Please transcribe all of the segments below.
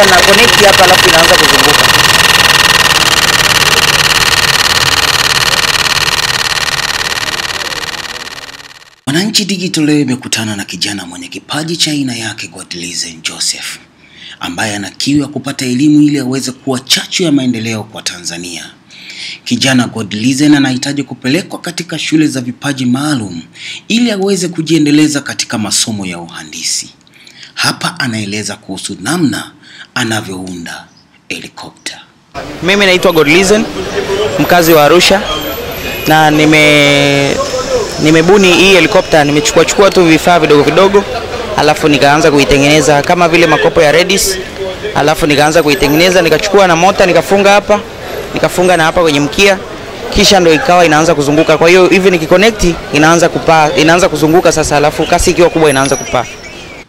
kisha na connect hapa, alafu inaanza kuzunguka. Mwananchi Digital leo imekutana na kijana mwenye kipaji cha aina yake Godlisten Joseph ambaye ana kiu ya kupata elimu ili aweze kuwa chachu ya maendeleo kwa Tanzania. Kijana Godlisten anahitaji kupelekwa katika shule za vipaji maalum ili aweze kujiendeleza katika masomo ya uhandisi. Hapa anaeleza kuhusu namna anavyounda helikopta. Mimi naitwa Godlizen, mkazi wa Arusha na nime nimebuni hii helikopta, nimechukua chukua tu vifaa vidogo vidogo, alafu nikaanza kuitengeneza kama vile makopo ya Redis, alafu nikaanza kuitengeneza, nikachukua na mota nikafunga hapa, nikafunga na hapa kwenye mkia, kisha ndo ikawa inaanza kuzunguka. Kwa hiyo hivi nikikonekti, inaanza kupaa, inaanza kuzunguka sasa, alafu kasi ikiwa kubwa inaanza kupaa.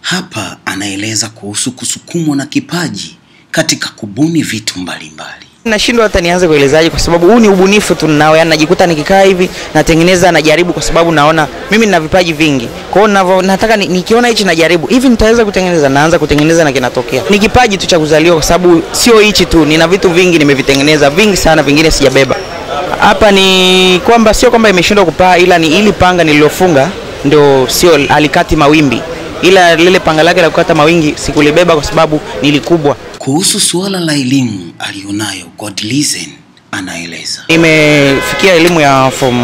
Hapa anaeleza kuhusu kusukumwa na kipaji katika kubuni vitu mbalimbali. Nashindwa hata nianze kuelezaje, kwa sababu huu ni ubunifu tu ninao, yani najikuta nikikaa hivi natengeneza, najaribu, kwa sababu naona mimi nina vipaji vingi. Kwa hiyo nataka nikiona hichi najaribu hivi, nitaweza kutengeneza, naanza kutengeneza na kinatokea. Ni kipaji tu cha kuzaliwa, kwa sababu sio hichi tu, nina vitu vingi nimevitengeneza, vingi sana, vingine sijabeba. Hapa ni kwamba sio kwamba imeshindwa kupaa, ila ni ili panga nililofunga ndio sio alikati mawimbi ila lile panga lake la kukata mawingi sikulibeba kwa sababu nilikubwa. Kuhusu suala la elimu aliyonayo Godlisten anaeleza, nimefikia elimu ya form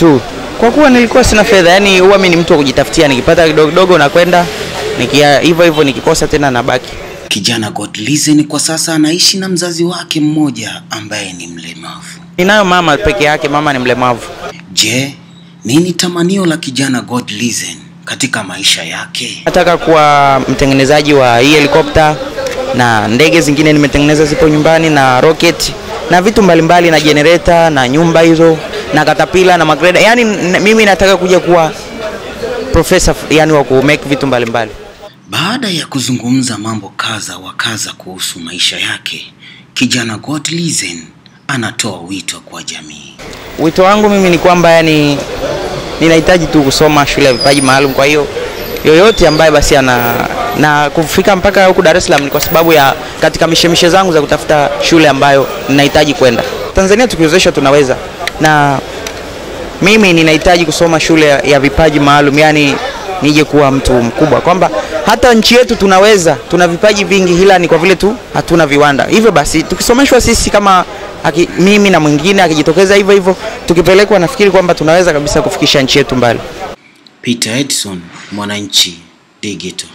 2 kwa kuwa nilikuwa sina fedha, yani huwa mimi ni mtu wa kujitafutia, nikipata kidogo kidogo nakwenda nikia hivyo hivyo, nikikosa tena nabaki. Kijana Godlisten kwa sasa anaishi na mzazi wake mmoja ambaye ni mlemavu. Ninayo mama peke yake, mama ni mlemavu. Je, nini tamanio la kijana Godlisten katika maisha yake. Nataka kuwa mtengenezaji wa hii helikopta na ndege zingine nimetengeneza zipo nyumbani na rocket na vitu mbalimbali mbali, na generator na nyumba hizo na katapila na magreda. Yani mimi nataka kuja kuwa professor, yani wa kumake vitu mbalimbali mbali. Baada ya kuzungumza mambo kaza wa kaza kuhusu maisha yake, kijana Gottlieb anatoa wito kwa jamii. Wito wangu mimi ni kwamba yani ninahitaji tu kusoma shule ya vipaji maalum. Kwa hiyo yoyote ambaye basi ana na kufika mpaka huku Dar es Salaam ni kwa sababu ya katika mishemishe zangu za kutafuta shule ambayo ninahitaji kwenda. Tanzania tukiwezeshwa tunaweza, na mimi ninahitaji kusoma shule ya vipaji maalum, yani nije kuwa mtu mkubwa, kwamba hata nchi yetu tunaweza, tuna vipaji vingi, ila ni kwa vile tu hatuna viwanda. Hivyo basi tukisomeshwa sisi kama aki, mimi na mwingine akijitokeza hivyo hivyo, tukipelekwa, nafikiri kwamba tunaweza kabisa kufikisha nchi yetu mbali. Peter Edson, Mwananchi Digital.